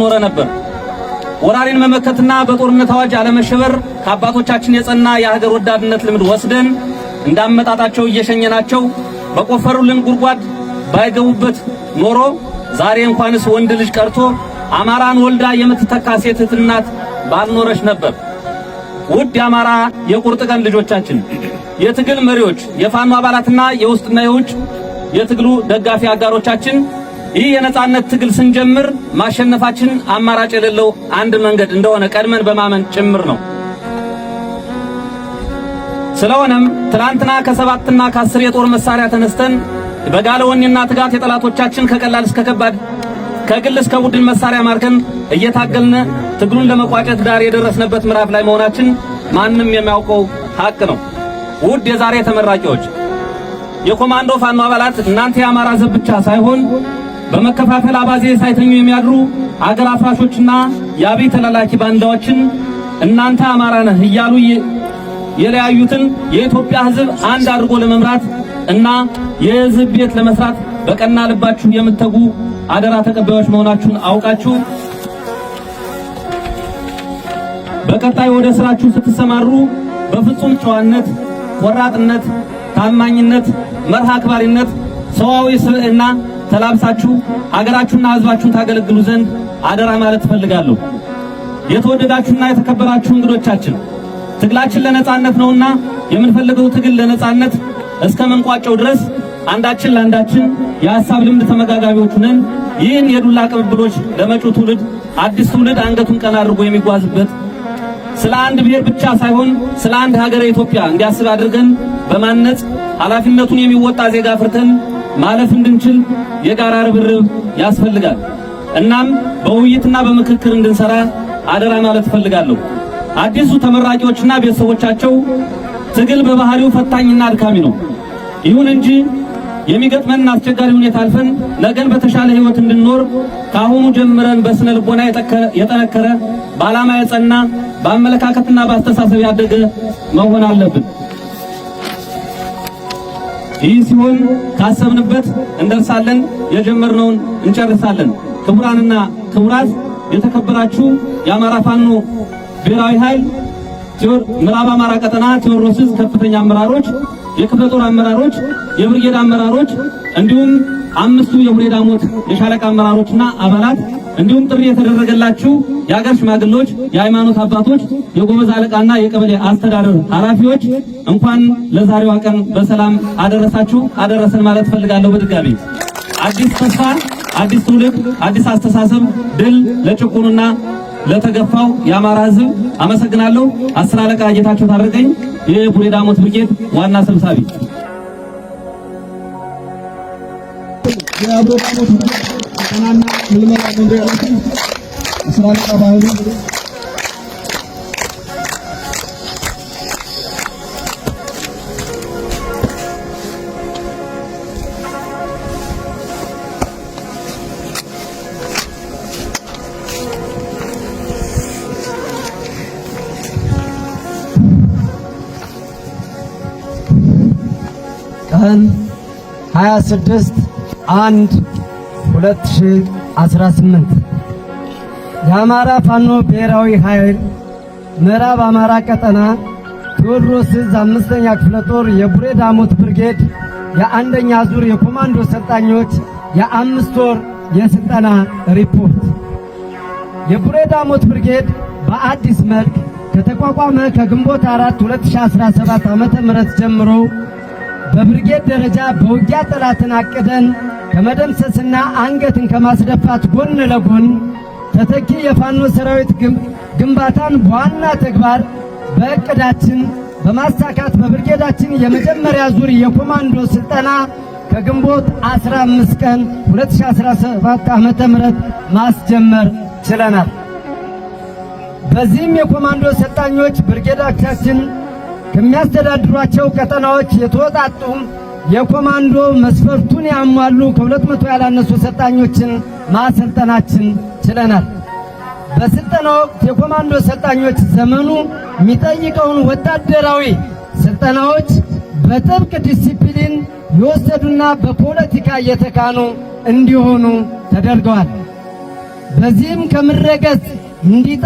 ኖረ ነበር። ወራሪን መመከትና በጦርነት አዋጅ አለመሸበር ከአባቶቻችን የጸና የሀገር ወዳድነት ልምድ ወስደን እንዳመጣጣቸው እየሸኘናቸው በቆፈሩልን ጉድጓድ ባይገቡበት ኖሮ ዛሬ እንኳንስ ወንድ ልጅ ቀርቶ አማራን ወልዳ የምትተካ ሴት እናት ባልኖረች ነበር። ውድ የአማራ የቁርጥ ቀን ልጆቻችን፣ የትግል መሪዎች፣ የፋኖ አባላትና የውስጥና የውጭ የትግሉ ደጋፊ አጋሮቻችን ይህ የነጻነት ትግል ስንጀምር ማሸነፋችን አማራጭ የሌለው አንድ መንገድ እንደሆነ ቀድመን በማመን ጭምር ነው። ስለሆነም ትላንትና ከሰባትና ከአስር የጦር መሳሪያ ተነስተን በጋለ ወኔና ትጋት የጠላቶቻችን ከቀላል እስከ ከባድ ከግል እስከ ቡድን መሳሪያ ማርከን እየታገልን ትግሉን ለመቋጨት ዳር የደረስንበት ምዕራፍ ላይ መሆናችን ማንም የሚያውቀው ሀቅ ነው። ውድ የዛሬ ተመራቂዎች፣ የኮማንዶ ፋኖ አባላት እናንተ የአማራ ሕዝብ ብቻ ሳይሆን በመከፋፈል አባዜ ሳይተኙ የሚያድሩ አገር አፍራሾችና የአብይ ተላላኪ ባንዳዎችን እናንተ አማራ ነህ እያሉ የለያዩትን የኢትዮጵያ ሕዝብ አንድ አድርጎ ለመምራት እና የሕዝብ ቤት ለመስራት በቀና ልባችሁ የምትተጉ አደራ ተቀባዮች መሆናችሁን አውቃችሁ በቀጣይ ወደ ስራችሁ ስትሰማሩ በፍጹም ጨዋነት፣ ቆራጥነት፣ ታማኝነት፣ መርሃ አክባሪነት፣ ሰዋዊ ስብዕና ተላብሳችሁ ሀገራችሁና ህዝባችሁን ታገለግሉ ዘንድ አደራ ማለት እፈልጋለሁ። የተወደዳችሁና የተከበራችሁ እንግዶቻችን ትግላችን ለነጻነት ነውና የምንፈልገው ትግል ለነጻነት እስከ መንቋጨው ድረስ አንዳችን ለአንዳችን የሐሳብ ልምድ ተመጋጋቢዎች ነን። ይህን የዱላ ቅብብሎች ለመጪው ትውልድ አዲስ ትውልድ አንገቱን ቀና አድርጎ የሚጓዝበት ስለ አንድ ብሔር ብቻ ሳይሆን ስለ አንድ ሀገር ኢትዮጵያ እንዲያስብ አድርገን በማነጽ ኃላፊነቱን የሚወጣ ዜጋ ፍርተን ማለፍ እንድንችል የጋራ ርብርብ ያስፈልጋል። እናም በውይይትና በምክክር እንድንሰራ አደራ ማለት እፈልጋለሁ። አዲሱ ተመራቂዎችና ቤተሰቦቻቸው ትግል በባህሪው ፈታኝና አድካሚ ነው። ይሁን እንጂ የሚገጥመንን አስቸጋሪ ሁኔታ አልፈን ነገን በተሻለ ህይወት እንድንኖር ከአሁኑ ጀምረን በስነ ልቦና የጠነከረ በዓላማ የጸና በአመለካከትና በአስተሳሰብ ያደገ መሆን አለብን። ይህ ሲሆን ካሰብንበት እንደርሳለን፣ የጀመርነውን እንጨርሳለን። ክቡራንና ክቡራት፣ የተከበራችሁ የአማራ ፋኖ ብሔራዊ ኃይል ምዕራብ አማራ ቀጠና ቴዎድሮስ ከፍተኛ አመራሮች፣ የክፍለ ጦር አመራሮች፣ የብርጌድ አመራሮች እንዲሁም አምስቱ የሁኔዳ ሞት የሻለቃ አመራሮችና አባላት እንዲሁም ጥሪ የተደረገላችሁ የአገር ሽማግሌዎች፣ የሃይማኖት አባቶች፣ የጎበዝ አለቃና የቀበሌ አስተዳደር ኃላፊዎች እንኳን ለዛሬዋ ቀን በሰላም አደረሳችሁ አደረሰን ማለት ፈልጋለሁ። በድጋሚ አዲስ ተስፋ፣ አዲስ ትውልድ፣ አዲስ አስተሳሰብ፣ ድል ለጭቁኑና ለተገፋው የአማራ ሕዝብ አመሰግናለሁ። አስር አለቃ ጌታቸው ታደርገኝ የቡሬ ዳሞት ብርጌድ ዋና ሰብሳቢ ቀጠናና ምልመላ መምሪያ ኃላፊ አስራ አለቃ ባህሉ ቀን 26 አንድ 2018 የአማራ ፋኖ ብሔራዊ ኃይል ምዕራብ አማራ ቀጠና ቴዎድሮስ ዕዝ አምስተኛ ክፍለ ጦር የቡሬ ዳሞት ብርጌድ የአንደኛ ዙር የኮማንዶ ሰልጣኞች የአምስት ወር የስልጠና ሪፖርት። የቡሬ ዳሞት ብርጌድ በአዲስ መልክ ከተቋቋመ ከግንቦት 4 2017 ዓ.ም ጀምሮ በብርጌድ ደረጃ በውጊያ ጠላትን አቅደን ከመደምሰስና አንገትን ከማስደፋት ጎን ለጎን ተተኪ የፋኖ ሰራዊት ግንባታን በዋና ተግባር በእቅዳችን በማሳካት በብርጌዳችን የመጀመሪያ ዙር የኮማንዶ ስልጠና ከግንቦት 15 ቀን 2017 ዓመተ ምህረት ማስጀመር ችለናል። በዚህም የኮማንዶ ሰልጣኞች ብርጌዳቻችን ከሚያስተዳድሯቸው ቀጠናዎች የተወጣጡ የኮማንዶ መስፈርቱን ያሟሉ ከሁለት መቶ ያላነሱ ሰልጣኞችን ማሰልጠናችን ችለናል። በስልጠና ወቅት የኮማንዶ ሰልጣኞች ዘመኑ የሚጠይቀውን ወታደራዊ ስልጠናዎች በጥብቅ ዲሲፕሊን የወሰዱና በፖለቲካ እየተካኑ እንዲሆኑ ተደርገዋል። በዚህም ከምድረ ገጽ እንዲጠ